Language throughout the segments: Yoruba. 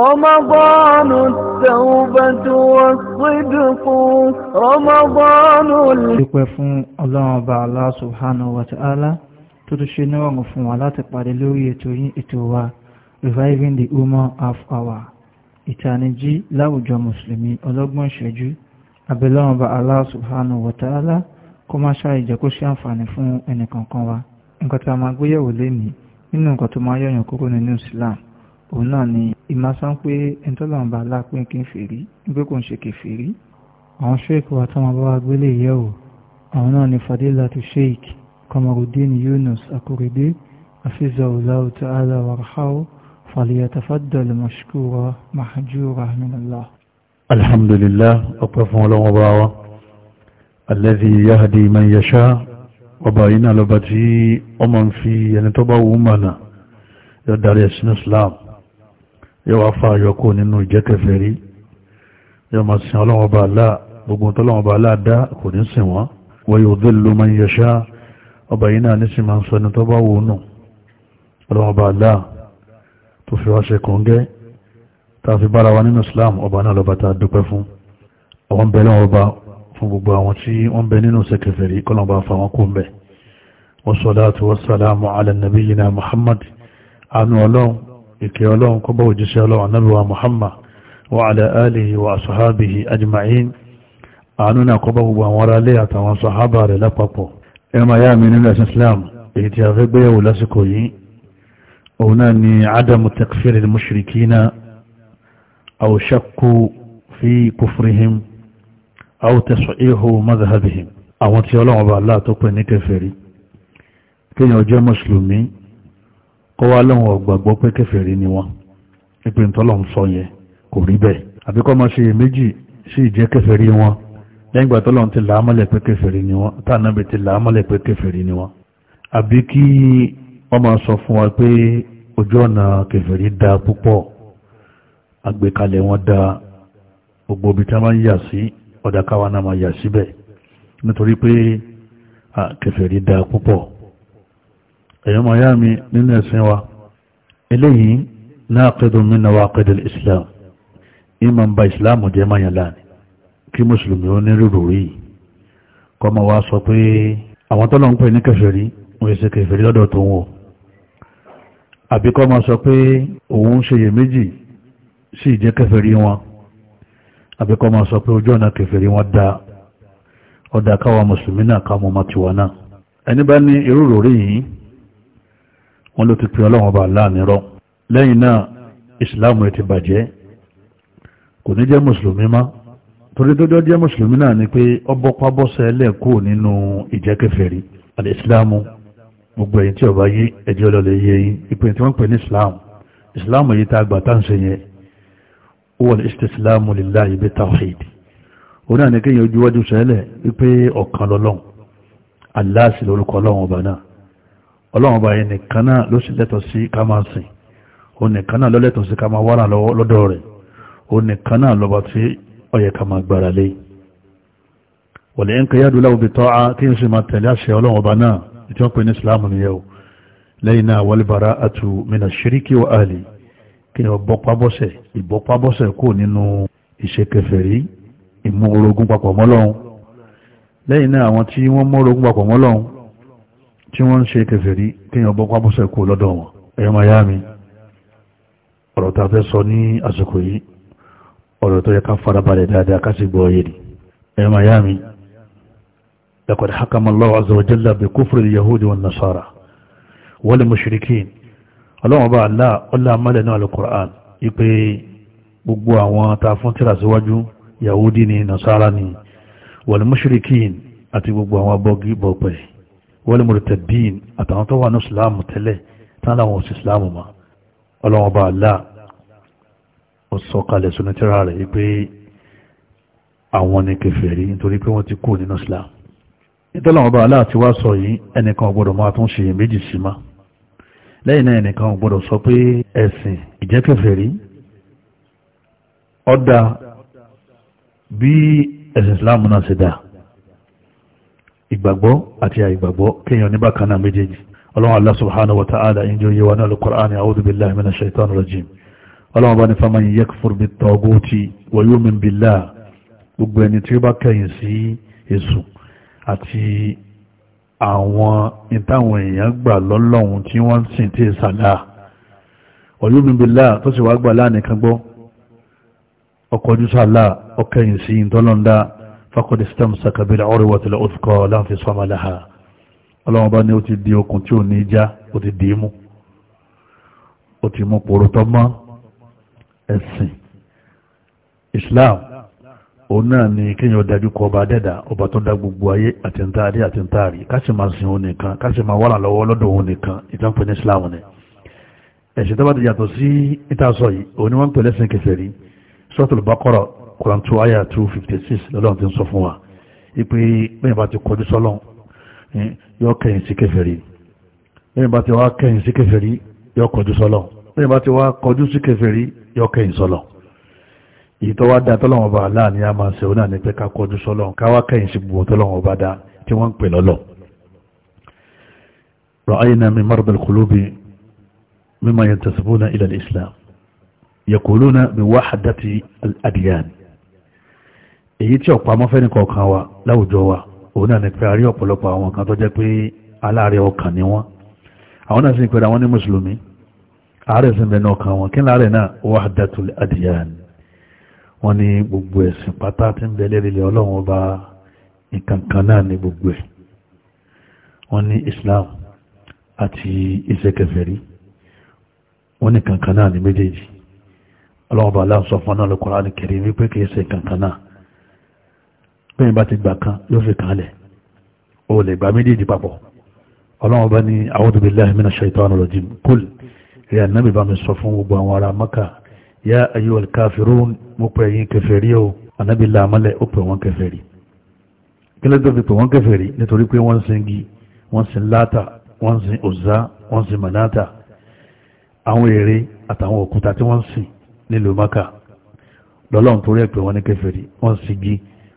رمضان التوبة والصدق رمضان dúpẹ́ fún Ọlọ́run Ọba Allah subhanahu wa ta'ala tó tún ṣe níwọ̀n fún wa láti pàdé lórí reviving the human half hour ìtànìjí láwùjọ mùsùlùmí ọlọ́gbọ̀n ìṣẹ́jú abẹ́lọ́run Ọba Allah subhanahu wa ta'ala kó má ṣáà ìjẹ́ kó ṣe àǹfààní fún ẹnìkankan wa nǹkan tí a máa gbéyẹ̀wò lénìí nínú nǹkan tó máa yọ̀yàn kúrò nínú Islam òun náà ni ìmásán pé ẹnitọ́lọ́mọba alápín kèfèrí nígbè kò ń ṣe kèfèrí. àwọn sheik wa tó máa bá wa gbélé yẹ̀wò àwọn náà ni fadilatu sheik kamarudin yunus akorede afizahulaw ta'ala warhaw falyatafaddal mashkura mahjura minallah. alhamdulillah ọpẹ́ fún ọlọ́wọ́ bá wa alladhi yahdi man ọba yìí náà lọ́ba tí ọmọ ń fi ẹni tó bá wù ú mọ̀nà yóò darí ẹ̀sìn islam yóò wá fa àyọkó nínú ìjẹ́kẹfẹ́ rí yóò máa sin ọlọ́wọ́n bá aláà gbogbo tọ́lọ́wọ́n bá aláà dá kò ní sìn wọ́n wọ́n yóò dé ló máa ń yẹṣá ọba yìí náà ní sin máa ń sọ ní tó bá wòó nù ọlọ́wọ́n bá aláà tó fi wá ṣe kòńgẹ́ tá a fi bára wa nínú Islam ọba náà lọ́ba tá a dúpẹ́ fún àwọn bẹ̀rẹ̀ wọn bá fún gbogbo àwọn tí wọ́n bẹ nínú sẹ́kẹfẹ́ rí kọ́lọ́n bá fa wọn kó ń bẹ̀ ìkẹ́ ọlọ́run kó bá òjíṣẹ́ ọlọ́run Ànábì wa Muhammad wa ala alihi wa sahabihi ajma'in àánú náà kó bá gbogbo àwọn ará lé àtàwọn sahaba rẹ̀ lápapọ̀ ẹmà yá mi nílẹ̀ islam èyí tí a fẹ́ gbéyàwó lásìkò yìí òun náà ni kọ́ wá lọ́wọ́ ọ̀gbàgbọ́ pé kèfèrí ni wọ́n nípe ìtọ́lọ̀ ń sọ yẹn kò rí bẹ́ẹ̀ àbí kọ́ máa ṣe méjì sí ìjẹ́ kèfèrí wọn lẹ́yìn ìgbà tọ́lọ̀ ti làámọ́lẹ̀ pé kèfèrí ni wọ́n tànàbì ti làámọ́lẹ̀ pé kèfèrí ni wọ́n àbí kí wọ́n máa sọ fún wa pé ojú ọ̀nà kèfèrí da púpọ̀ àgbékalẹ̀ wọn da gbogbo ibi tí wọ́n yà sí ọ̀dà náà máa yà síbẹ̀ nítorí pé kèfèrí da púpọ̀ èyàn ma yá mi nínú ẹ̀sìn wa eléyìí naqidun min nawaqid al-islam ìmọ̀ ń ba islam jẹ́ mayàn láàrin kí mùsùlùmí ó ní rírò rí kọ́ ma wá sọ pé àwọn tọ́lọ̀ ń pè ní kèfèrí wọ́n ṣe kèfèrí lọ́dọ̀ tó ń wọ̀ àbí kọ́ ma sọ pé òun ṣe yè sí ìjẹ́ kèfèrí wọn àbí kọ́ ma sọ pé ojú ọ̀nà kèfèrí wọn da ọ̀dà káwa mùsùlùmí náà ká mọ́ ma tiwa náà ẹni bá ní irú rò rí yìí wọ́n ló ti pè ọlọ́run ọba láàánirọ́ lẹ́yìn náà ìsìláàmù ẹ̀ ti bàjẹ́ kò ní jẹ́ mùsùlùmí má torí dọ́jọ́ jẹ́ mùsùlùmí náà ni pé ọbọ̀ pábọ́sẹ̀ lẹ́ẹ̀kú nínú ìjẹ́kẹfẹ̀rí àti ìsìláàmù gbogbo ẹ̀yìn tí ọba yí ẹjẹ́ ọlọ́lẹ̀ yẹ yín ìpè tí wọ́n pè ní ìsìláàmù ìsìláàmù yìí tá gbà táǹsì yẹn ó wà ní ìsìláàmù lillahi bi tawhid òun náà ni kéèyàn ojú wájú sẹ́lẹ̀ wípé ọ̀kan lọ́lọ́run ọlọ́run ọba yẹn nìkan náà ló sì lẹ́tọ̀ sí ká máa sìn òun nìkan náà ló lẹ́tọ̀ sí ká máa wára lọ́dọ̀ rẹ̀ òun nìkan náà lọ́ba tí ó yẹ ká máa gbára lé wọ̀lẹ̀ ń kẹ́ yádùú láwùbí tọ́ a kí n sì máa tẹ̀lé àṣẹ ọlọ́run ọba náà lẹ́yìn náà àwọn tí wọ́n mú orogún papọ̀ mọ́lọ́run tí wọ́n ń ṣe kèfèrí kíyàn bọ́ pápúsẹ̀ kú lọ́dọ̀ wọn ẹ̀yọ́ miami ọ̀rọ̀ tá a fẹ́ sọ ní àsìkò yìí ọ̀rọ̀ tó yẹ ká farabalẹ̀ dáadáa ká sì gbọ́ ọyẹ́ ni ẹ̀yọ́ miami laqad hakama Allahu azza wa jalla bi kufri al-yahudi wan nasara wal mushrikin ọlọ́wọ́n bá aláà àti gbogbo àwọn abọ́gí bọ̀pẹ̀ wọ́n lè mọ̀ tẹ̀bíìn àtàwọn tó wà ní ìsìláàmù tẹ́lẹ̀ tán láwọn òsì ìsìláàmù ma ọlọ́wọ́n bá alá ọ̀sọ̀kalẹ̀ sunitẹ́ra rẹ̀ pé àwọn ni kèfèrí nítorí pé wọ́n ti kú nínú ìsìláàmù ìtọ́lọ́wọ́n bá alá ti ẹ̀sìn ìsìláàmù náà ṣe dáa ìgbàgbọ́ àti àìgbàgbọ́ kéèyàn ní bákan náà méjèèjì ọlọ́run Allah subhanahu wa ta'ala injo yewa náà lọ Qur'an a'udhu billahi minash shaitani rajim ọlọ́run bá ní faman yakfur bit-taghuti wa yu'min billah gbogbo ẹni tí ó bá kẹ̀yìn sí èṣù àti àwọn ìtàwọn èèyàn gbà lọ́lọ́run tí wọ́n sìn tí faqad istamsaka bil urwatil uthqa la infisama laha ọlọ́wọ́n bá ní ó ti di okùn tí ò ní já ó ti dì í mú ó ti mú pòrótọ́ mọ́ ẹ̀sìn Islam òun náà ni kíyàn dájú kọ ọba dẹ́dà ọba tó dá gbogbo ayé àtẹ̀ntàrí àtẹ̀ntàrí káṣí máa sin òun nìkan káṣí máa wà lọ́wọ́ lọ́dọ̀ òun nìkan ìtànpẹ̀ ní Islam ni ẹ̀sìn tó bá ti yàtọ̀ sí ìtàsọ yìí òun ni wọ́n ń pè lẹ́sìn kèfèrí Suratul Baqara Quran two ayah two fifty six lọ́lọ́run ti ń sọ fún wa ipe bẹ́ẹ̀ bá ti kọjú sọ́lọ́n yọ kẹ̀yìn sí kèfèrí bẹ́ẹ̀ bá ti wá kẹ̀yìn sí kèfèrí yọ kọjú sọ́lọ́n bẹ́ẹ̀ bá ti wá kọjú sí kèfèrí yọ kẹ̀yìn sọ́lọ́n èyí tó láàrin a máa ṣe náà ní pé ká kọjú sọ́lọ́n ká wá sí gbogbo tọ́lọ́wọ́n dá tí wọ́n ń pè lọ́lọ́ رأينا من مرض القلوب مما ينتسبون إلى الإسلام يقولون بوحدة الأديان èyí tí ọ̀pá mọ́fẹ́ni kọ̀ọ̀kan wa láwùjọ wa òun náà ní pé a rí ọ̀pọ̀lọpọ̀ àwọn kan tó jẹ́ pé aláàrẹ ọkàn ni wọ́n àwọn náà sì ń pẹ̀lú àwọn ní mùsùlùmí ààrẹ sì ń bẹ̀ẹ́ ọkàn wọn kí láàrẹ náà wahdatul adyan wọ́n ní gbogbo ẹ̀sìn pátá tí ń bẹ lẹ́rìlẹ̀ ọlọ́run ọba nǹkan kan náà ní gbogbo ẹ̀ wọ́n ní Islam àti ìṣẹ́kẹfẹ̀rí wọ́n ní kankan náà ní méjèèjì ọlọ́run ọba aláǹsọ fún náà lọ́kọ̀ọ́ bẹ́ẹ̀ bá ti gbà kan yóò fi kan lẹ̀ o lè gba méjèèjì papọ̀ ọlọ́run bá ní a'udhu billahi minash shaitanir rajim kúl rí ànábì bá mi sọ fún gbogbo àwọn ará maka ya ayyuhal kafirun mo pè yín kèfèrí o ànábì làmọ́lẹ̀ ó pè wọ́n kèfèrí kílẹ̀ tó fi pè wọ́n kèfèrí nítorí pé wọ́n sin gi wọ́n sin láta wọ́n sin òzá wọ́n sin manata àwọn ère àtàwọn òkúta tí wọ́n sin nílùú maka lọ́lọ́run torí ẹ̀ pè wọ́n ní kèfèrí wọ́n sin gi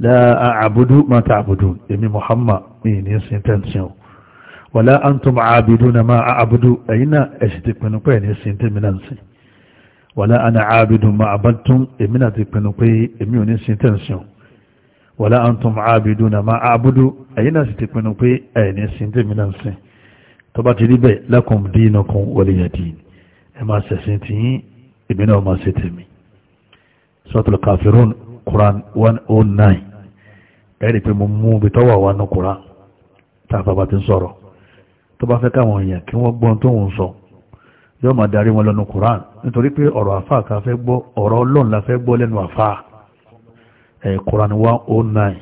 la a'budu ma ta'budun èmi Muhammad mi ní sin tẹ́ǹsìn o wala antum aabiduna ma a'budu ẹ̀yin náà ẹ̀sì ti pinnu pé ẹ̀ní sin tẹ́mi náà sìn wala ana aabidu ma abadtum èmi náà ti pinnu pé èmi ò ní sin tẹ́ǹsìn o wala antum aabiduna ma a'budu ẹ̀yin náà sì ti pinnu pé ẹ̀ní sin tẹ́mi náà sìn tó bá ti rí tèmi Suratul Kafirun Quran 109 ẹ̀rí pé mo mú ibi tọ́wọ̀ wa ní kura tá a bàbá ti ń sọ̀rọ̀ tó bá fẹ́ káwọn èèyàn kí wọ́n gbọ́n tó ń sọ yóò máa darí wọn lọ́nu kura nítorí pé ọ̀rọ̀ àfà ká fẹ́ gbọ́ ọ̀rọ̀ ọlọ́run la fẹ́ gbọ́ lẹ́nu àfà ẹ̀ kura ni one oh nine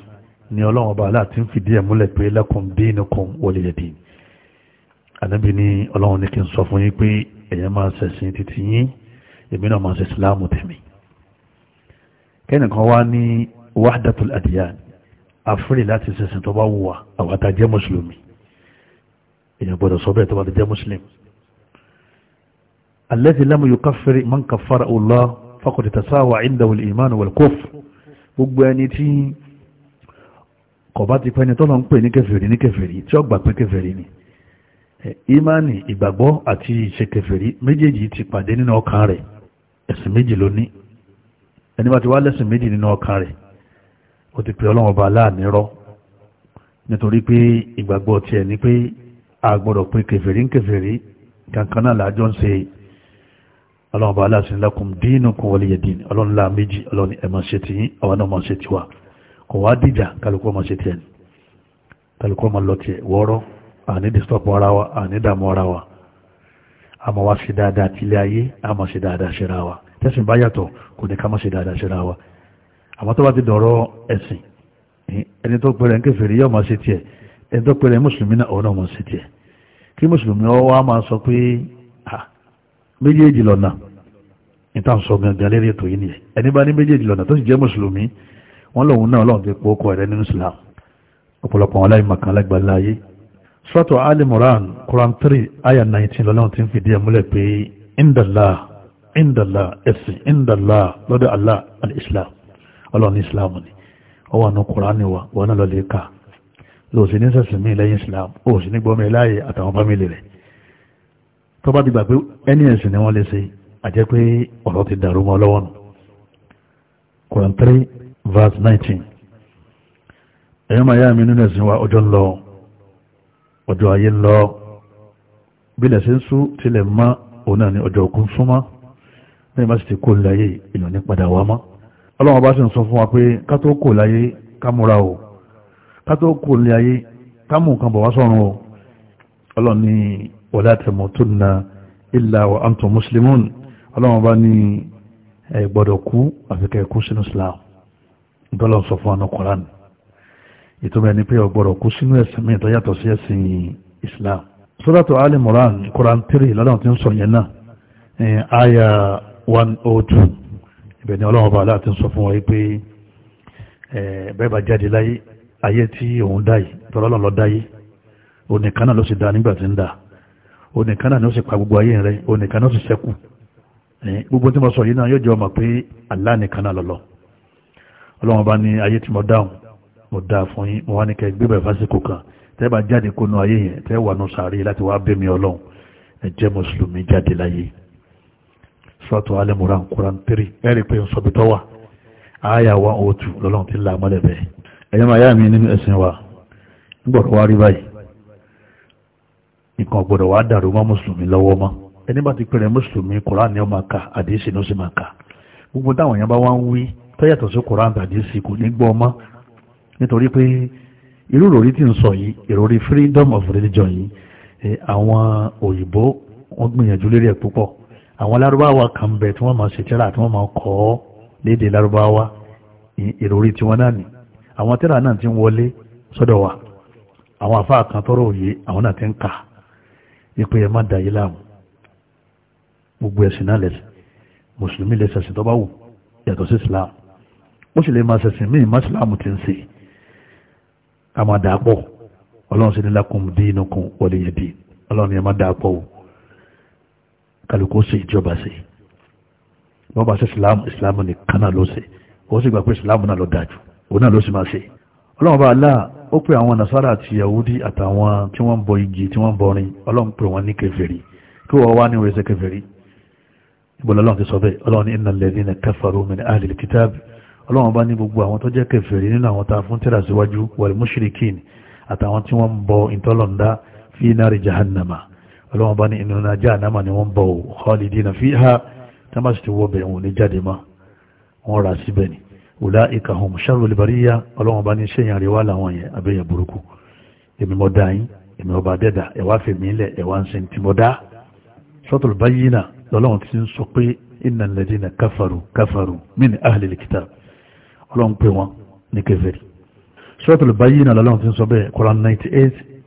ni ọlọ́run ọba aláàtí ń fìdí ẹ̀ múlẹ̀ pé lakum dinukum waliya din ànábì ní ọlọ́run ní kí n sọ fún yín pé èèyàn máa ṣẹ̀sìn títí yín èmi náà máa ṣe ìsìláàmù tèmi kẹ́nìkan wá ní wahdatul adiyan àfúrè láti ṣẹ̀ṣẹ̀ tó bá wù wá àwọn àtàjẹ́ mùsùlùmí èèyàn gbọ́dọ̀ tó bá ti jẹ́ mùsùlùm alladhi lam yukaffir man kaffara Allah faqad tasawa indahu al-iman wal-kufr gbogbo ẹni tí kò bá ti pẹ́ni tọ́lọ ń pè ní kèfèrí ní kèfèrí tí ó gbà pé kèfèrí ni imani ìgbàgbọ́ àti ìṣe kèfèrí méjèèjì ti pàdé nínú ọkàn rẹ̀ ẹ̀sìn méjì ló ẹni bá ti wá lẹ́sìn méjì nínú ọkàn rẹ̀ ó ti pè ọlọ́run ọba aláànírọ́ nítorí pé ìgbàgbọ́ tiẹ̀ ni pé a gbọ́dọ̀ pé kèfèrí ń kèfèrí kankan náà làájọ́ ń ṣe ọlọ́run ọba aláàsìn lakum dinukum waliya din ọlọ́run láà méjì ọlọ́run ẹ̀ ṣe tiyín àwa náà máa ṣe tiwa kò wá dìjà kálukú máa ṣe tiẹ̀ ni kálukú máa lọ tiẹ̀ wọ́ọ́rọ́ àní distop ara wa àní dàmú ara wa a ma wá ṣe dáadáa tilé ayé a ma ṣe dáadáa ṣe ra wa tẹ́sìn bá yàtọ̀ kò ní ká má ṣe dáadáa ṣe ra wa àmọ́ tó bá ti dọ̀rọ̀ ẹ̀sìn ẹni tó pèrè ń kèfèrí yóò máa ṣe tiẹ̀ ẹni tó pèrè mùsùlùmí náà òun náà máa ṣe tiẹ̀ kí mùsùlùmí ọwọ́ á máa sọ pé méjèèjì lọ́nà níta sọ gangan lérí ètò yìí nìyẹn ẹni bá ní méjèèjì lọ́nà tó sì jẹ́ mùsùlùmí wọn lòun náà lọ́n ti pọ̀ ọkọ̀ rẹ̀ nínú Islam ọ̀pọ̀lọpọ̀ wọn láì màkàn lágbàlá ayé sọ́tọ̀ alimuran Quran 3 aya 19 lọ́lọ́run ti ń fìdí ẹ̀ múlẹ̀ pé indala indala ẹ̀sìn indala lọ́dọ̀ Allah al-Islam ọlọ́run ní islam ni ó wà ní kùránì wa wọn náà lọ lè kà lò ní sẹ̀sìn lẹ́yìn islam ó sì ní gbọ́mọ láàyè àtàwọn fámìlì rẹ̀ tó bá ti gbà pé ẹni ẹ̀sìn ni wọ́n lè ṣe àjẹ́ pé ọ̀rọ̀ ti dàrú mọ́ lọ́wọ́ nù Quran 3 verse 19 ẹ̀yọ́ máa yá mi nínú ẹ̀sìn wa ọjọ́ ń ọjọ́ ayé ń lọ bílẹ̀ sí ń sú tilẹ̀ mọ́ òun náà ni ọjọ́ òkú ń súnmọ́ lẹ́yìn bá sì ti kó láyé ìlú padà wá mọ́ ọlọ́wọ́n bá sì ń sọ fún wa pé ká tó kò láyé ká múra o ká tó kò láyé ká mú nǹkan bọ̀ wá sọ́run o ọlọ́run ní wala tamutunna illa wa antum muslimun ọlọ́wọ́n bá ní ẹ gbọ́dọ̀ kú àfikẹ́ kú sínú Islam ìtọ́lọ́ sọ fún àwọn Kùránì ìtumọ̀ ẹni pé o kú sínú ẹ̀sìn mi tó yàtọ̀ sí ẹ̀sìn Islam Suratu Ali Imran Quran lọ́dọ̀ tí ń sọ yẹn náà aya 102 bẹ̀ni ọlọ́wọ́ bá aláàtí sọ fún wa pé bẹ́ẹ̀ bá jáde láyé ayé tí òun dá yìí tọ́lọ́lọ́ lọ dá yìí onìkan náà ló sì dá nígbà tí ń dá onìkan náà ló sì pa gbogbo ayé rẹ onìkan náà sì sẹ́kù gbogbo tí mo sọ yìí náà yóò jẹ́ ọmọ pé Allah nìkan náà lọ́lọ́ ọlọ́wọ́n bá ní ayé tí mo dáhùn mo dáa fún yín mo wá ní kẹ́ gbé fásitì kan tẹ́ bá jáde kónú ayé yẹn tẹ́ wà nù sàárè láti wá bẹ́mi ọlọ́run ẹ mùsùlùmí jáde láyé sọ́tọ̀ alẹ́mùran kúrán tírì ẹ̀rí pé oh ń sọ́bí tọ́wà ààyà wa òtù lọ́lọ́n ti là mọ́lẹ̀ bẹ́ẹ̀ ẹ̀yẹ́ máa yá mi nínú ẹ̀sìn wa nígbọ̀dọ̀ wá rí báyìí nǹkan gbọ́dọ̀ wá dàrú mọ́ mùsùlùmí lọ́wọ́ mọ́ ẹni bá ti pèrè mùsùlùmí kúrán ni ó máa ka àdéhìsì ló sì máa ka gbogbo táwọn èèyàn bá wá ń wí tọ́yàtọ̀ sí kúrán àdéhìsì kò ní gbọ́ mọ́ nítorí pé irú ìròrí tí ń sọ yìí ìròrí freedom of religion yìí eh, àwọn òyìnbó wọ́n gbìyànjú lérí ẹ̀ púpọ̀ àwọn lárúbáwá kan bẹ̀ tí wọ́n máa ṣe tíra tí wọ́n máa kọ́ ọ́ léde lárúbáwá ìròrí tiwọn náà ni àwọn tíra náà ti ń wọlé sọ́dọ̀ wa àwọn àfáà kan tọrọ òye àwọn náà ti ń kà ipò yẹn má dàyé láàmú gbogbo ẹ̀sìn náà lẹ̀sìn mùsùlùmí lè ṣẹ̀sìn tó bá wù yàtọ̀ sí islam ó sì lè máa ṣẹ̀sìn míì má islam ti ń ṣe a máa dà á pọ̀ ọlọ́run sì ní lakum dinukum waliya din ọlọ́run yẹn má dà o kálukú sí ìjọba sí wọ́n bá sí islam islam nìkan náà ló ṣe wọ́n sì gbà pé islam náà ló dájú òun náà ló sì máa ṣe ọlọ́run bá aláà ó pè àwọn nasara àti yahudi àtàwọn tí wọ́n ń bọ igi tí wọ́n ń bọrin ọlọ́run pè wọ́n ní kèfèrí kí wọ́n wá ní oríṣẹ́ kèfèrí ìbọ̀lọ́ ọlọ́run ti sọ bẹ́ẹ̀ ọlọ́run ní innal ladhina kafaru min ahlil kitab ọlọ́run bá ní gbogbo àwọn tó jẹ́ kèfèrí nínú àwọn tá fún tẹ́lá síwájú wal mushrikin àtàwọn tí wọ́n ń bọ ìtọ́lọ̀ndá fi nari jahannama ọlọ́wọ́n bá ní inú na jahannama ni wọ́n bọ̀ ọ́ khalidina fiha tamasi ti wọ́ bẹ̀ wọn ní jáde ma wọ́n rà síbẹ̀ ni ulaika hum sharrul bariyya ọlọ́wọ́n bá ní sẹ́yìn àríwá làwọn yẹn abẹ́yẹ burúkú èmi mọ́ dá yín èmi ọba dẹ́dà ẹ̀wá fèmí lẹ̀ ẹ̀wá ń sin tí mọ́ dá suratul bayyina lọ́lọ́wọ́n ti ń sọ pé 98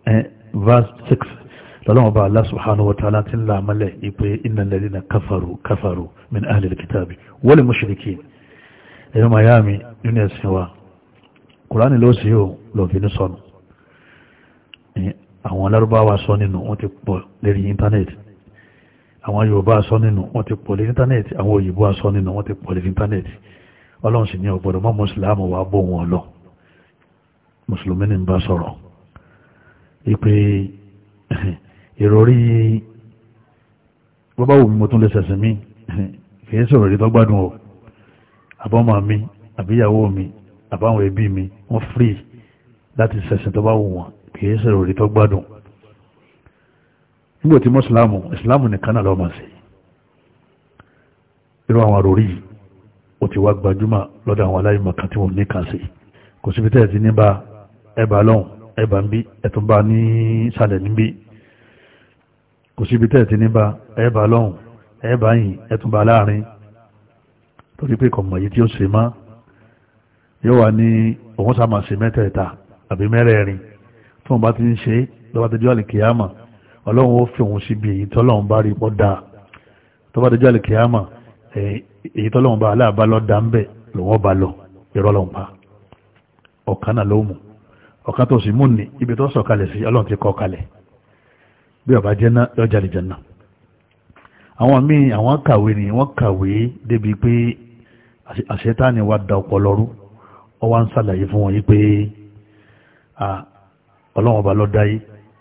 eh, verse 6 lọ́lọ́wọ́ ala Allah subhanahu wa ta'ala ti ń la àmàlẹ̀ ìpé innal ladina kafaru kafaru min ahli kitabi wal mushrikin ẹ̀yọ́ miami nínú ẹ̀sìn kùránì ló sì yóò lọ fi ní sọnù àwọn alárúbáwá sọ nínú wọ́n ti pọ̀ lérí íńtánẹ́ẹ̀tì àwọn yorùbá sọ nínú wọ́n ti pọ̀ lérí íńtánẹ́ẹ̀tì àwọn òyìnbó sọ nínú wọ́n ti pọ̀ lérí íńtánẹ́ẹ̀tì ọlọ́run sì ní mọ́ mùsùlùmí ni ń ìròrí bọ́bá wù mí mo tún lè ṣẹ̀sìn mí kìí sọ̀rọ̀ rí tọ́gbádùn o àbọ́mọ mi àbíyàwó mi àbáwọn ẹbí mi wọ́n free láti ṣẹ̀sìn tó bá wù wọ́n kìí sọ̀rọ̀ rí tọ́gbádùn nígbà tí mọ́sílámù ìsìlámù nìkan náà lọ́mọ sí irú àwọn àròrí ó ti wá gbajúmọ̀ lọ́dọ̀ àwọn aláìmọ̀ kan tí wọ́n ní kan sí kò síbi tẹ́ẹ̀ ti ní bá ẹ̀bà lọ́hùn ẹ̀bà ń bí ẹ̀tún bá ní sàlẹ̀ níbí kò síbi tẹ́ ti níbà ẹ̀ẹ́bà lọ́hùn ẹ̀ẹ́bà yìí ẹ̀túnbà láàrin torí pé kọ̀mọ̀ yìí tí ó ṣe má yóò wà ní òun sá máa ṣe mẹ́tẹ̀ẹ̀ta àbí mẹ́rẹ̀ẹ̀rin tóun bá ti ń ṣe lọ́wọ́ tẹ́jú àlìkìyàmà ọlọ́run ó fi òun síbi èyí tọ́lọ́run bá rí pọ́ dáa tó bá tẹ́jú àlìkìyàmà èyí tọ́lọ́run bá aláàbá lọ́ dá ń bẹ̀ lòun ọba lọ ìrọ́lọ́run pa ọ̀kan náà ló mú ọ̀kan tó sì mú ní ibi tó sọ̀kalẹ̀ sí ọlọ́run ti kọ́ kalẹ̀ bí ọba jẹ́nà yọ jáde jẹ́nà àwọn míì àwọn kàwé ni wọ́n kàwé débi pé àṣetáni wa da ọpọlọ rú ọwọ́ ń sàlàyé fún wọn yìí pé ọlọ́run ọba lọ́dá yìí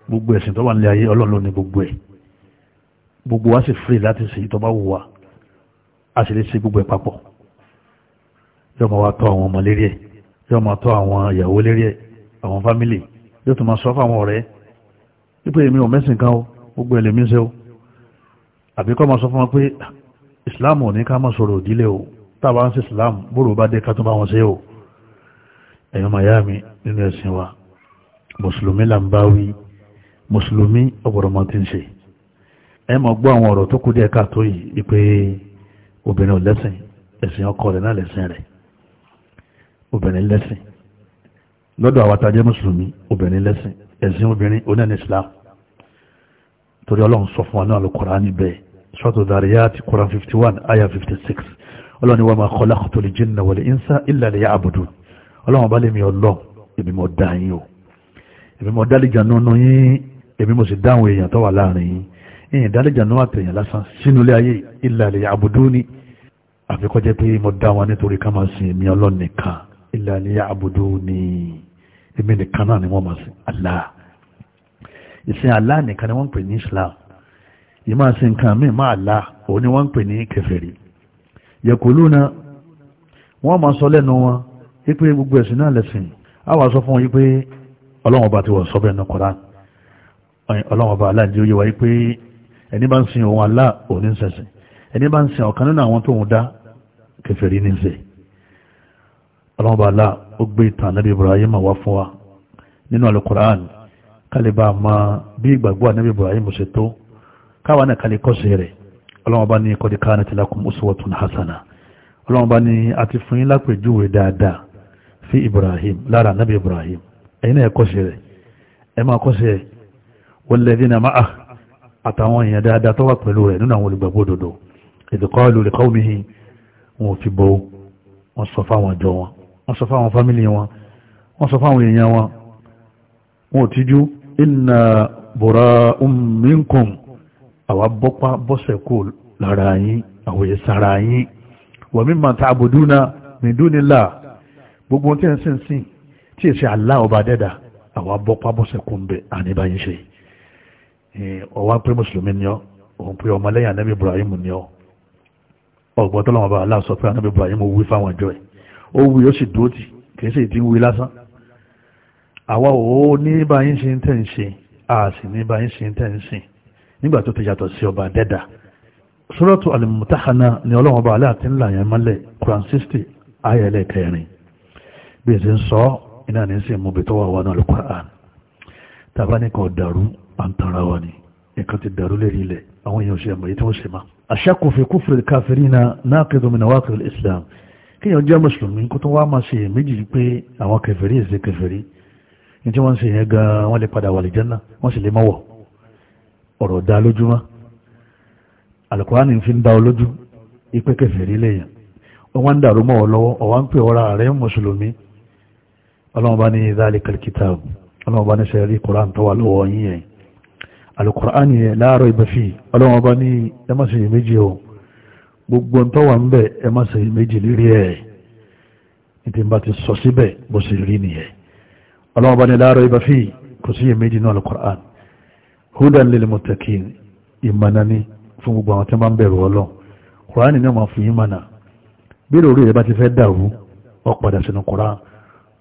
gbogbo ẹ̀sìn tó wà nílé ayé ọlọ́run ló ní gbogbo ẹ̀ gbogbo wa sì free láti ṣe tó bá wù wá a sì lè ṣe gbogbo ẹ̀ papọ̀ yóò máa wá tọ́ àwọn ọmọ lérí ẹ̀ yóò máa tọ́ àwọn ìyàwó lérí ẹ̀ àwọn fámìlì yóò tún máa sọ fún àwọn ọ̀rẹ́ wípé èmi ò mẹ́sìn kan o gbogbo ẹlẹ́mí ṣe o àbí kọ́ máa sọ fún wọn pé ìsìláàmù ò ní ká máa sọ̀rọ̀ òdílé o táwa ń ṣe ìsìláàmù bóòrò bá dé ká tún bá wọn ṣe o ẹ̀yàn màyá mi nínú ẹ̀sìn wa mùsùlùmí là ń bá wí mùsùlùmí ọ̀pọ̀rọ̀ máa ti ń ṣe ẹ máa gbọ́ àwọn ọ̀rọ̀ tó kù díẹ̀ káàtó yìí wípé obìnrin ò lẹ́sìn ẹ̀sìn ọkọ rẹ̀ náà lẹ́sìn rẹ̀ obìnrin lẹ́sìn lọ́dọ̀ àwọn atajẹ́ mùsùlùmí obìnrin lẹ́sìn ẹ̀sìn obìnrin oní ẹni islam torí ọlọ́run sọ fún wa náà al-Qur'an níbẹ̀ sọ́tò Dhariyat Qur'an 51 aya 56 ọlọ́run ni wa ma khalaqtu al-jinna wal-insa illa liya'budun ọlọ́run bá lè mi ọlọ́run èmi mo dá yín o èmi mo dálíjà nínú yín èmi mo sì dáhùn èèyàn tó wà láàrin yín èèyàn dálíjà nínú àtẹ̀yàn èmi nìkan náà ni wọ́n máa sìn Allah ìsìn Allah nìkan ni wọ́n ń pè ní Islam ìmáa sìn nǹkan míì máa Allah òun ni wọ́n ń pè ní kèfèrí yẹ̀kùlúna wọ́n máa sọ lẹ́nu wọn wípé gbogbo ẹ̀sìn náà lẹ́sìn a wà sọ fún wọn wípé ọlọ́run ọba ti wọ̀ sọ́bẹ̀ ní Koran ọlọ́run ọba aláàjì ó yẹ wa wípé ẹni bá ń sin òun Allah òun ní sẹ̀sìn ẹni bá ń sin ọ̀kan nínú àwọn tóun dá kèfèrí ní sẹ́yìn ọlọ́mọba alá ó gbé ìtàn anábì ibrahim wá fún wa nínú alukur'an kálíbà ma bí ìgbàgbọ́ anábì ibrahim ṣe tó káwa náà kálí kọ́sì rẹ̀ ọlọ́mọba ní kọ́dí káàní ti lakum uswatun hasana ọlọ́mọba ní a ti fún yín lápèjúwe dáadáa fi ibrahim lára anábì ibrahim ẹ̀yin náà kọ́sì rẹ̀ ẹ máa kọ́sì rẹ̀ walladhina ma'a àtàwọn èèyàn dáadáa tó wà pẹ̀lú rẹ̀ nínú àwọn olùgbàgbọ́ òdodo idh qalu liqawmihi wọn ò fi bọ́ wọn sọ fáwọn àjọ wọn wọ́n sọ fáwọn fámílì wọn wọ́n sọ fáwọn èèyàn wọn wọn ò tijú inna bura'un minkum àwa bọ́pá bọ́sẹ̀ kò lára yín àwòyẹ sára yín wa mimma ta'buduna min dunillah gbogbo tí ẹ̀ ń sìn sìn tí èsì Allah ọba dẹ́dà àwa bọ́pá bọ́sẹ̀ kò ń bẹ àníbá yín ṣe ọwá pé mùsùlùmí ni ọ òun pé ọmọlẹ́yìn anábì Ibrahim ni ọ ọgbọ́n tó pé anábì Ibrahim wí fáwọn ìjọ ẹ̀ ó wí ó sì dúró tì kìí sì ti ń wí lásán àwa ò ní bá yín ṣe ń tẹ̀ ń ṣe a sì ní bá yín ṣe ń tẹ̀ ń ṣe nígbà tó ti yàtọ̀ sí ọba dẹ́dà suratu al-Mumtahana ni ọlọ́run ọba aláàtí ńlá yẹn mọ́lẹ̀ Quran 60 ayẹlẹ̀ kẹrin bí èsì ń sọ iná ní sí mú bí tó wà náà al-Quran tàbá nìkan dàrú àǹtara wa ni nǹkan ti dàrú lérí ilẹ̀ àwọn èèyàn ṣe àmọ̀ yìí tí wọ́n ṣe má. ashakku fi kufri al-kafirina naqidu min nawaqid al-Islam kíyàn jẹ́ mùsùlùmí kó tó wá máa ṣe méjì pé àwọn kèfèrí èsì kèfèrí ní tí wọ́n ń ṣe yẹn gan wọ́n lè padà wà lè jẹ́nà wọ́n sì lè mọ́wọ̀ ọ̀rọ̀ dá lójúmọ́ alukurani fi ń dá ọ lójú ipe kèfèrí lèèyàn wọ́n ń dàrú mọ́ ọ lọ́wọ́ ọ̀wá ń pè ọ́ra rẹ̀ mùsùlùmí ọlọ́run ní zalikal kitab ọlọ́run bá ní sẹ́rí alukurani yẹn láàárọ̀ ìbẹ̀fì ọlọ́run bá ní gbogbo ntọ́ wà ń bẹ̀ ẹ má ṣe méjì lérí ẹ̀ nítorí bá ti sọ síbẹ̀ bó ṣe rí nìyẹn ọlọ́wọ́ bá ní láàárọ̀ ibà fi kò sí méjì náà al-Qur'an hudan lil muttaqin ìmọ̀nani fún gbogbo àwọn tí wọ́n bá bẹ̀rù ọlọ́ Qur'an ni wọ́n fi ìmọ̀nà bí lórí rẹ̀ bá ti fẹ́ dàrú ọ padà sínú Qur'an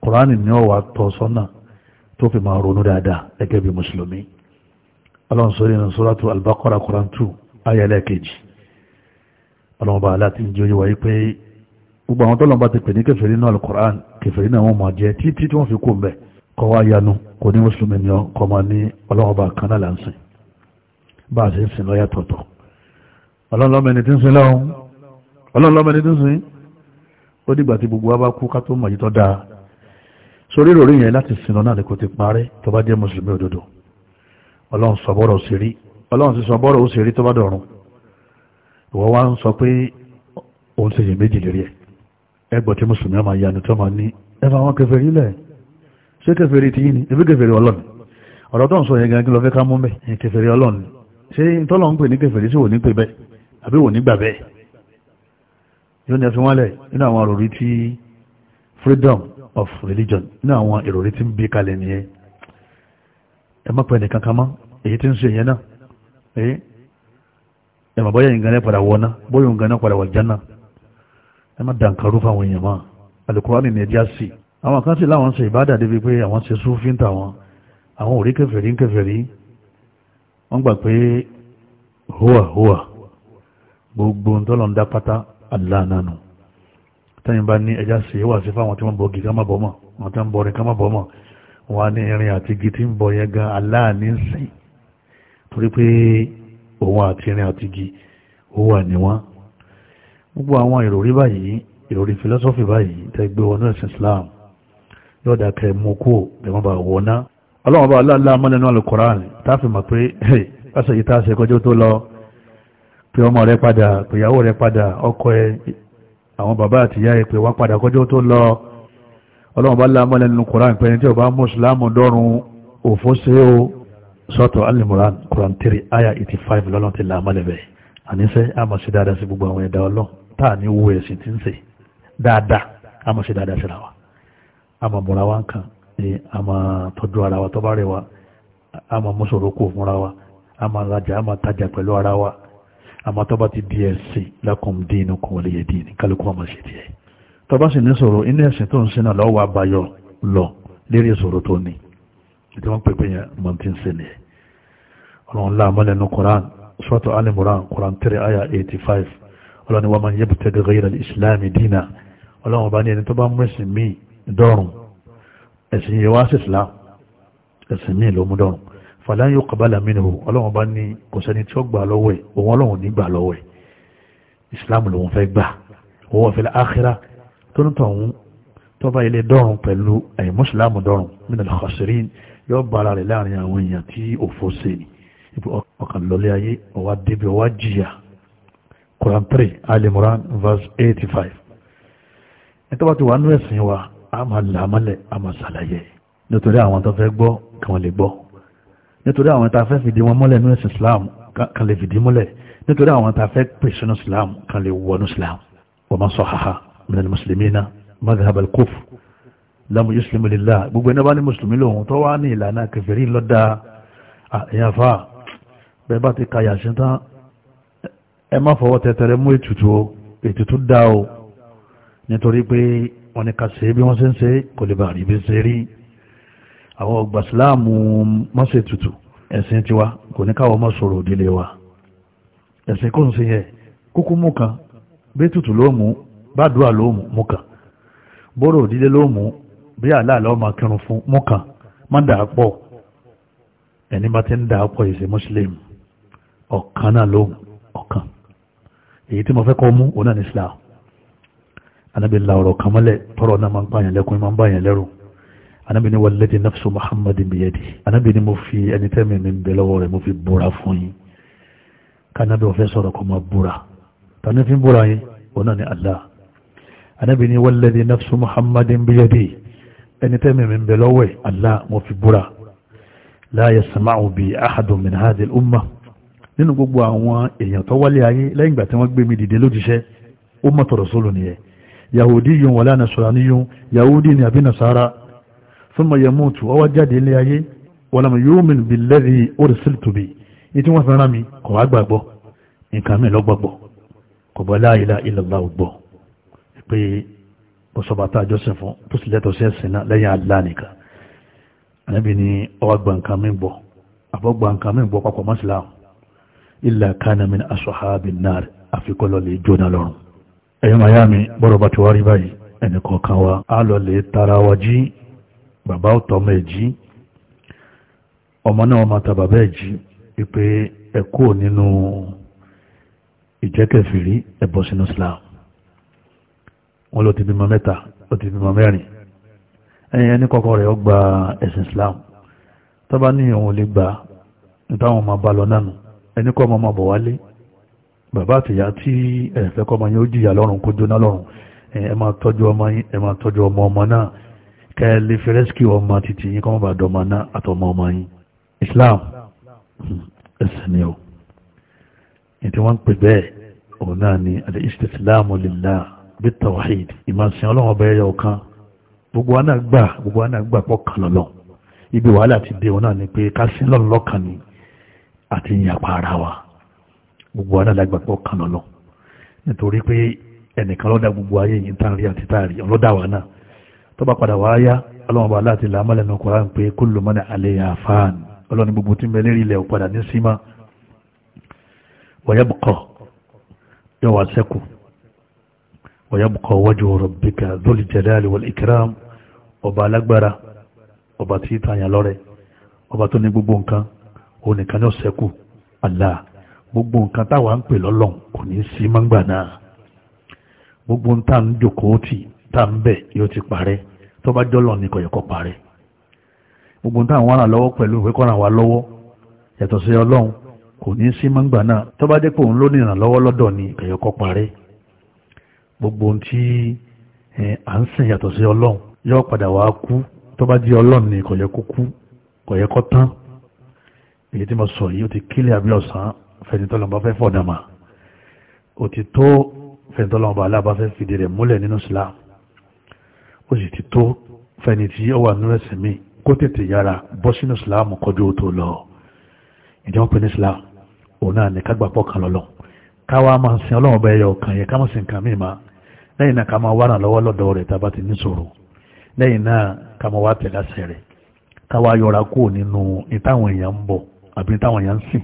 Qur'an ni wọ́n wà tọ́ sọ́nà tó fi máa ronú dáadáa gẹ́gẹ́ bí mùsùlùmí ọlọ́run sọ nínú suratu al-Baqara Qur'an 2 ayẹlẹ́ kejì ọlọ́mọba aláti ń jẹ́ oyé wáyé pé gbogbo àwọn tọ́lọ́mọba ti pè ní kẹfẹ́rí náà alukoran kẹfẹ́rí náà wọ́n máa jẹ títí tí wọ́n fi kó mbẹ́ kọ́ wá yanu kò ní mùsùlùmí ni ọ́ kọ́ máa ní ọlọ́mọba kan náà là ń sìn bá a ṣe ń sìn lọ́yà tọ̀tọ̀ ọlọ́mọbẹni ti ń sìn lọ́hùn ọlọ́mọbẹni ti ń sìn ó dìgbà tí gbogbo wa bá kú ká tó mọ̀ ìwọ wá ń sọ pé òun ṣe iyèméjì lérí ẹ̀ ẹgbọ́n tí mùsùlùmí ọmọ ìyanu tó máa ní ẹfà àwọn kèfèrí lẹ̀ ṣé kèfèrí ti yín ni ebi kèfèrí ọlọ́ni ọ̀rọ̀ tó ń sọ yẹn gangan lọ fẹ́ ká mú mẹ́ kèfèrí ọlọ́ni ṣé tọ́lọ̀ ń pè ní kèfèrí sí wò ní pè bẹ́ẹ̀ àbí wò ní gbà bẹ́ẹ̀ yóò ní ẹfi wọ́n lẹ̀ nínú àwọn àròrí tí freedom of religion nínú àwọn ìròrí tí ń bí kalẹ̀ nìyẹn ẹ má pẹ́ nìkan kan mọ́ èyí tí ń ṣe yẹn náà ẹ̀mà bọ́yá yìí ganan padà wọ́ná bóyá yìí ganan padà wàjánà ẹ má dànkarú fáwọn èèyàn mọ́ alukurani ní ẹja sí àwọn kan sì láwọn ṣe ìbádà débi pé àwọn ṣe súnfín tàwọn àwọn òrí kẹfẹ̀rí kẹfẹ̀rí wọ́n gbà pé hùwà hùwà gbogbo ntọ́lọ́ndá pátá aláàánánu tẹ́yìn bá ní ẹja sí wà sí fáwọn tí wọ́n bọ́ gí ká má bọ́ mọ́ wọ́n tẹ́ ń bọ́rin ká má bọ́ mọ́ wọ́n á ní irin àti igi ń bọ̀ yẹn gan aláàáníṣìn torí pé òun àti irin àti igi ó wà ní wọn gbogbo àwọn ìròrí báyìí ìròrí fìlọ́sọ́fì báyìí tẹ́gbẹ́ wọnú ẹ̀sìn Islam yọ́dà kẹ́ mú kú ẹ̀mọ́ bá wọná ọlọ́wọ́n bá aláàlá mọ́lẹ́nu alukọ́ránì táàfì mọ̀ pé ẹ̀sẹ̀ yìí táàṣẹ kọjọ́ tó lọ pé ọmọ rẹ padà pèyàwó rẹ padà ọkọ ẹ àwọn bàbá àtìyá ẹ pé wá padà kọjọ́ tó lọ ọlọ́wọ́n bá aláàlá mọ́lẹ́nu alukọ́ránì pé ẹni tí ó mú Islam dọ́run òfóṣe o sọ́tọ̀ alimuran quran three aya eighty five lọ́lọ́n ti làmọ́lẹ̀ bẹ́ẹ̀ àníṣe àmọ̀ṣe dáadáa sí gbogbo àwọn ẹ̀dá ọlọ́ tá a ní wo ẹ̀sìn tí ń ṣe dáadáa àmọ̀ṣe dáadáa síra wa àmọ̀ mọ̀ra wa nǹkan ni àmọ̀ tọ́jú ara wa tó bá rẹ̀ wa àmọ̀ mọ́sọ̀rọ̀ kò fúnra wa àmọ̀ rajà àmọ̀ tajà pẹ̀lú ara wa àmọ́ tọ́ba ti di ẹ̀sìn lakum dinukum waliya din kálukú ọmọ ṣe tiẹ̀ tọ́ba sì ní sọ̀rọ̀ inú ẹ̀sìn tó ń sin náà lọ́wọ́ àbáyọ lọ lérí ìṣòro ọlọ́run láàmọ́lẹ́nu koran sọ́tọ̀ alimuran koran 3 aya 85 ọlọ́ni wọ́n ma ń yẹ́bù tẹ́gẹ̀ gẹ́gẹ́ ìsìláàmì dínà ọlọ́run bá ní ẹni tó bá mẹ́sìn mí dọ́rùn ẹ̀sìn yìí wá sí islam ẹ̀sìn mí ló mú dọ́rùn fàlàyé yóò kọ́bálà mínú ọlọ́run bá ní kò sẹ́ni tí ó gbà lọ́wọ́ ẹ̀ òun ọlọ́run ní gbà lọ́wọ́ islam ló ń fẹ́ gbà owó ọ̀fẹ́ àkírà tó ní tọ̀hún tó bá ilé dọ́rùn pẹ̀lú ẹ̀yìn mùsùlùmí dọ́rùn mínú ọkàn lọlé ayé ọwá débi ọwá jìyà Quran 3 Al-Imran verse 85 ẹ̀tọ́wà ti wà nú ẹ̀sìn wa a máa là mọ́lẹ̀ a máa ṣàlàyé nítorí àwọn tó fẹ́ gbọ́ kí wọ́n lè gbọ́ nítorí àwọn tá a fẹ́ fìdí wọn mọ́lẹ̀ nú ẹ̀sìn Islam kan lè fìdí mọ́lẹ̀ nítorí àwọn tá a fẹ́ pè sínú Islam kan lè wọnú Islam wọ́n máa sọ haha minal muslimina madhhab al-kufr lamu yuslimu lillah gbogbo ẹni bá ní mùsùlùmí lòun tó wá ní ìlànà kẹfẹ́rí lọ́dà àyàfà bẹ́ẹ̀ bá ti ka yàṣẹ tán ẹ má fọwọ́ tẹ̀tẹ̀rẹ̀ mú ètùtù o ètùtù dá o nítorí pé wọ́n ní ká ṣe bí wọ́n ṣe ń ṣe kò lè bá rí bí ṣe rí àwọn ọgbà síláàmù mọ́sẹ̀ tutù ẹ̀sìn tiwa kò ní káwọ́ mọ́ sọ̀rọ̀ òdílé wa ẹ̀sìn kò ń ṣe yẹ kúkú mú kan bí tutù ló mú bàdúrà ló mú kan bọ́rọ̀ òdílé ló mú bí aláàlá ọmọ akẹrun fún mú kan má dàá pọ̀ ẹni bá ti ń dàá pọ̀ ìṣe mùsùlùmí ọ̀kan náà lóhùn ọ̀kan èyí tí mo fẹ́ kọ́ mú òun náà ní islam anabi la ọ̀rọ̀ kan mọ́lẹ̀ tọrọ náà máa ń báyàn lẹ́kùn máa ń báyàn lẹ́rù anabi ni wàlẹ́dì nafsu muhammadin biyadi anabi ni mo fi ẹni tẹ́mi mi bẹ lọ́wọ́ rẹ̀ mo fi búra fún yín kánábì ọ̀fẹ́ sọ̀rọ̀ kọ́ máa búra tani fi búra yín òun náà ní allah anabi ni wàlẹ́dì nafsu muhammadin biyadi ẹni tẹ́mi mi bẹ lọ́wọ́ allah mo fi búra la yasma'u bi ahadun min hadhihi nínú gbogbo àwọn èèyàn tó wálé ayé lẹ́yìn ìgbà tí wọ́n gbé mi dìde lójíṣẹ́ ó mọ̀ tọ̀rọ̀ sólò nìyẹn yahudi yun wala nasarani yun yahudi ni àbí nasara thumma yamutu ọwọ́ jáde ilé ayé walam yu'min billadhi ursiltu bi ìtí wọ́n fẹ́ràn mi kò wá gbàgbọ́ nǹkan mi lọ gbàgbọ́ kò bọ́ la ilaha illallah gbọ́ pé ọ̀sọ̀bà tá a jọ́sìn fún tó sì lẹ́tọ̀ sí ẹ̀sìn náà lẹ́yìn Allah nìkan àníbi ni ọwọ́ gbà nǹkan mi gbọ́ àbọ̀ gbà nǹkan mi gbọ́ papọ̀ mọ́sílámù illa kana min ashahabin nar àfikọ́lọ́ lè jóná lọ́rùn. ẹ̀yọ́ màyá mi bọ́rọ̀ bá ti wá rí báyìí ẹnì kọ̀ọ̀kan wa á lọ lè tara wa jí bàbá ọ̀tọ̀ ọmọ ẹ̀ jí ọmọ náà máa ta bàbá ẹ̀ jí wípé ẹ kúrò nínú ìjẹ́kẹ̀fìrí ẹ bọ́ sínú Islam wọn ló ti bímọ mẹ́ta ó ti bímọ mẹ́rin ẹ̀yìn ẹni kọ́kọ́ rẹ̀ ó gba ẹ̀sìn Islam tó ní òun lè gbà nítawọn máa bá lọ náà ẹni kọ́ ọmọ ọmọ bọ̀ wálé bàbá àtìyá tí ẹ̀fẹ́ kọ́ ọmọ yẹn ó jìyà lọ́rùn kó jóná lọ́rùn ẹ máa tọ́jú ọmọ yín ẹ máa tọ́jú ọmọ ọmọ náà kẹ́ ẹ lè fi rẹ́síkì ọmọ títí yín kọ́ bàdọ̀ ọmọ náà àtọmọ ọmọ yín Islam ẹsẹ̀ ni o ní tí wọ́n ń pè bẹ́ẹ̀ òun náà ni alẹ́ istislamu lillah bí tawhid ìmọ̀sìn ọlọ́run ọba ẹ̀yọ kan gbogbo wa náà gbà gbogbo wa náà gbà pọ̀ kan lọ́lọ́ ibi wàhálà ti dé òun náà ni pé ká sí lọ́lọ́ kan ni àti ìyapa ara wa gbogbo wa náà lágbàpọ̀ kan lọ́lọ́ nítorí pé ẹnìkan lọ́dà gbogbo ayé yìí tá à ń rí àti tá à rí ọlọ́dà wa náà tó bá padà wá yá ọlọ́run láti là á mọ́lẹ̀ nínú Kùránì pé kullu man alayha fan ọlọ́run gbogbo tí mẹ́lẹ́ rí ilẹ̀ ò padà ní símá wa yabqa yóò wá sẹ́kù wa yabqa wajhu rabbika dhul jalali wal ikram ọba alágbára ọba tí tààyàn lọ́rẹ̀ ọba onìkan yóò ṣẹ́kù Allah gbogbo nǹkan táwa ń pè lọ́lọ́n kò ní sí mọ́ngbà náà gbogbo ń tà ń jòkóó tì tà ń bẹ̀ yóò ti parẹ́ tó bá gbogbo ń tà ń wà lọ́wọ́ pẹ̀lú ìwé kọ́ra wa lọ́wọ́ kò ní sí mọ́ngbà náà tó bá pé òun ló gbogbo ń tí à ń sìn yàtọ̀ sí ọlọ́run yóò padà wá kú tó èyí tí mo sọ yìí ó ti kílẹ̀ àbí ọ̀sán fẹ̀yìntọ́lọ́mọba fẹ́ fọ̀dàmà ó ti tó fẹ̀yìntọ́lọ́mọba aláàbá fẹ́ fìdí rẹ̀ múlẹ̀ nínú Islam ó sì ti tó fẹ̀yìn tí ó wà nínú ẹ̀sìn mi kó tètè yára bọ́ sínú Islam kọjú ó tó lọ ìjọ ń pè ní Islam òun náà ní kágbàpọ̀ kan lọ́lọ́ káwa máa sin ọlọ́run bá ẹyọ ọ̀kan yẹ ká máa sin nǹkan mímá lẹ́yìn náà ká máa wá ràn lọ́wọ́ lọ́dọ̀ rẹ̀ tá a bá ti níṣòro lẹ́yìn náà ká máa wá tẹ̀lé àṣẹ rẹ̀ káwa yọra kúrò nínú ìtàwọn èèyàn ń bọ̀ àbí táwọn èèyàn ń sìn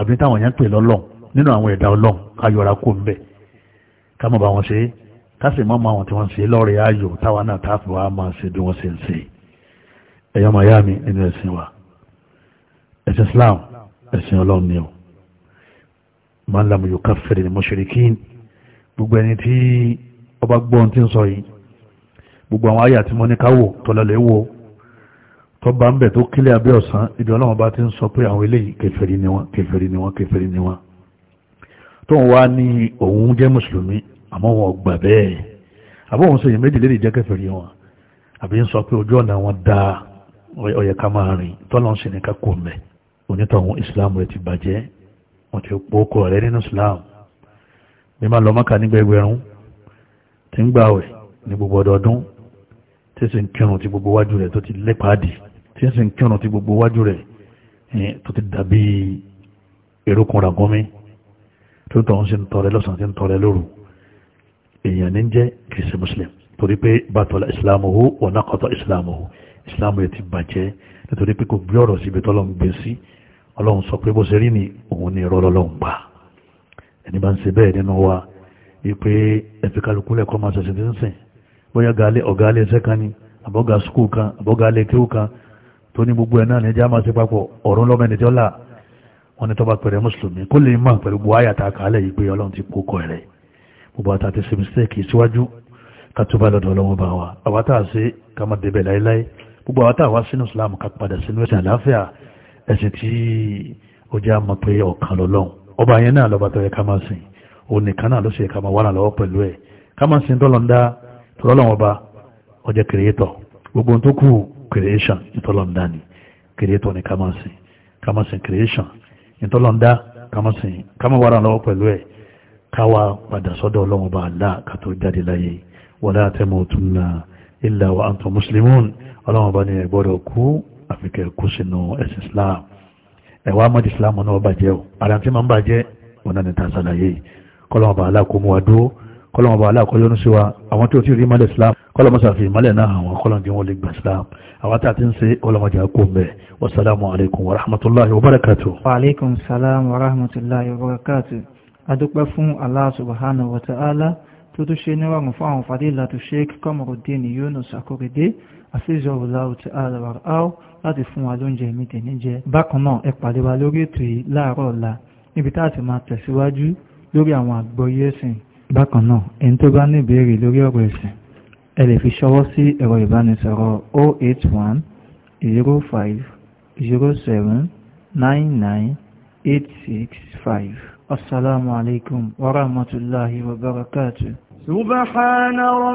àbí táwọn èèyàn ń pè lọ́lọ́n nínú àwọn ẹ̀dá ọlọ́n ká yọra kó ń bẹ̀ ká mọ̀ bá wọn ṣe ká sì mọ́ máa wọn tí wọ́n ṣe lọ́rẹ̀ ayò táwa náà tá a fi wá máa ṣe bí wọ́n ṣe ń ṣe ẹ̀yọ́ màá yá mi nínú ẹ̀sìn wa ẹ̀sìn Islam ẹ̀sìn ọlọ́run ni o máa ń lamu yóò ká fẹ́rẹ̀ ní mọ́ṣẹ́ríkín gbogbo ẹni tí ọba gbọ́n ti ń sọ yìí gbogbo àwọn àyà tí mo ní ká tó bá ń bẹ̀ tó kílẹ̀ abẹ́ ọ̀sán ìdí ọlọ́run bá ti ń sọ pé àwọn eléyìí kèfèrí ni wọ́n kèfèrí ni wọ́n kèfèrí ni wọ́n tó ń wá ní òun jẹ́ mùsùlùmí àmọ́ wọn gbà bẹ́ẹ̀ àbọ̀ òun sèyí méjì lédè jẹ́ kèfèrí wọn àbí ń sọ pé ojú ọ̀nà wọn da ọ̀yẹ̀ ká máa rìn tọ́lọ́n sì ní ká mẹ́ onítọ̀hún islam rẹ̀ ti bàjẹ́ wọ́n ti pokò rẹ̀ nínú islam bí máa lọ mọ́ka nígbà ẹgbẹ̀rún ti ń gbàwẹ̀ ní gbogbo ọdọọdún tí sì ń kírun ti gbogbo wájú rẹ̀ tó ti lépa dì tí ẹ sì ń kírun ti gbogbo wájú rẹ̀ tó ti dàbí erékùn ràgọ́mí tó ń tọ́hún sí ń tọrẹ lọ́sàn tí ń tọrẹ lóru èèyàn ní jẹ́ kìsì muslim torí pé bàtọ̀lá islamuhu wa naqata islamuhu islamu ti bàjẹ́ nítorí pé kò gbé ọ̀rọ̀ síbi tọ́lọ́ ń gbé sí ọlọ́run sọ pé bó ṣe rí ni òun ní ìrọ́ lọ́lọ́run gbà ẹni bá ń ṣe bẹ́ẹ̀ nínú wa wípé ẹ̀fí kálukú lẹ́kọ́ máa ṣẹ̀ṣẹ̀ tí ń sìn bóyá ọ̀gá alẹ́ ẹ̀ṣẹ́ kan ni àbọ̀gá skul kan àbọ̀gá alẹ́ kéwù kan tó ní gbogbo ẹ̀ náà ní jáàmà sí papọ̀ ọ̀run lọ́mọ ẹni tí ó là wọn ni tọ́ba pẹ̀rẹ̀ mùsùlùmí kó lè mọ̀ pẹ̀lú gbogbo àyàtà kálẹ̀ yìí pé ọlọ́run ti kó rẹ̀ gbogbo àtà ti ṣe mistake síwájú ká tó bá lọ́dọ̀ ọlọ́run bá wa àwa tá a ṣe ká má débẹ̀ láéláé gbogbo àwa tá a wá sínú Islam ká padà sínú ẹ̀sìn àlàáfíà ẹ̀sìn tí ó jẹ́ àmọ́ pé ọ̀kan lọ́lọ́run ọba yẹn náà lọ́ba tó yẹ ká máa sìn òun nìkan náà ló ṣe ká máa wà lọ́wọ́ pẹ̀lú ẹ̀ ká máa sìn tọ́lọ́ tọ́lọ́ ọba ọjọ́ kìrìyẹ́tọ̀ gbogbo tó kù creation ìtọ́lọ́ndá ni creator ni kamasin kamasin creation ìtọ́lọ́ndá kamasin kamawara lọ́wọ́ pẹ̀lú ẹ̀ káwa padà sọ́dọ̀ ọlọ́run bá àlá kàtó jáde láyé wala tamutunna illa wa antum muslimun ọlọ́run bá ní ẹ gbọ́dọ̀ kú àfikẹ́ kú sínú ẹ̀sìn islam ẹ̀wà amadi islam náà bàjẹ́ o àràǹtí máa ń bàjẹ́ ọ̀nà níta sàlàyé kọ́lọ́run bá àlá kọ́lọ́mọ bá aláàkọ́ yọ́nú sí wa àwọn tí ó ti rí mọ́lẹ̀ islam kọ́lọ́mọ sàfi mọ́lẹ̀ náà àwọn kọ́lọ́mọ tí wọ́n lè gbà islam àwọn tí a ti ń ṣe ọlọ́mọdé àkó mẹ́ wasalaamu alaykum wa rahmatulahi wa barakatu. wa aleykum salaam wa rahmatulahi wa barakatu. a dúpẹ́ fún allah subhanahu wa ta'ala tó tó ṣe níwọ̀n fún àwọn fàdílà tó sheik kọmọrùdín yunus akóredé àfihàn ta'ala wa ra'aw láti fún wa lóúnjẹ mi tẹ̀ níjẹ. bákan náà ẹ pàdé wa lórí ètò yìí láàárọ̀ ọ̀la níbi tá a ti máa tẹ̀síwájú lórí àwọn àgbọ́yé ẹ̀sìn bákan náà ẹni tó bá ní ìbéèrè lórí ọ̀rọ̀ ẹ̀sìn ẹ lè fi ṣọwọ́ sí ẹ̀rọ ìbánisọ̀rọ̀ 081 05 07 99 865 assalamu alaikum warahmatullahi wabarakatuh subhana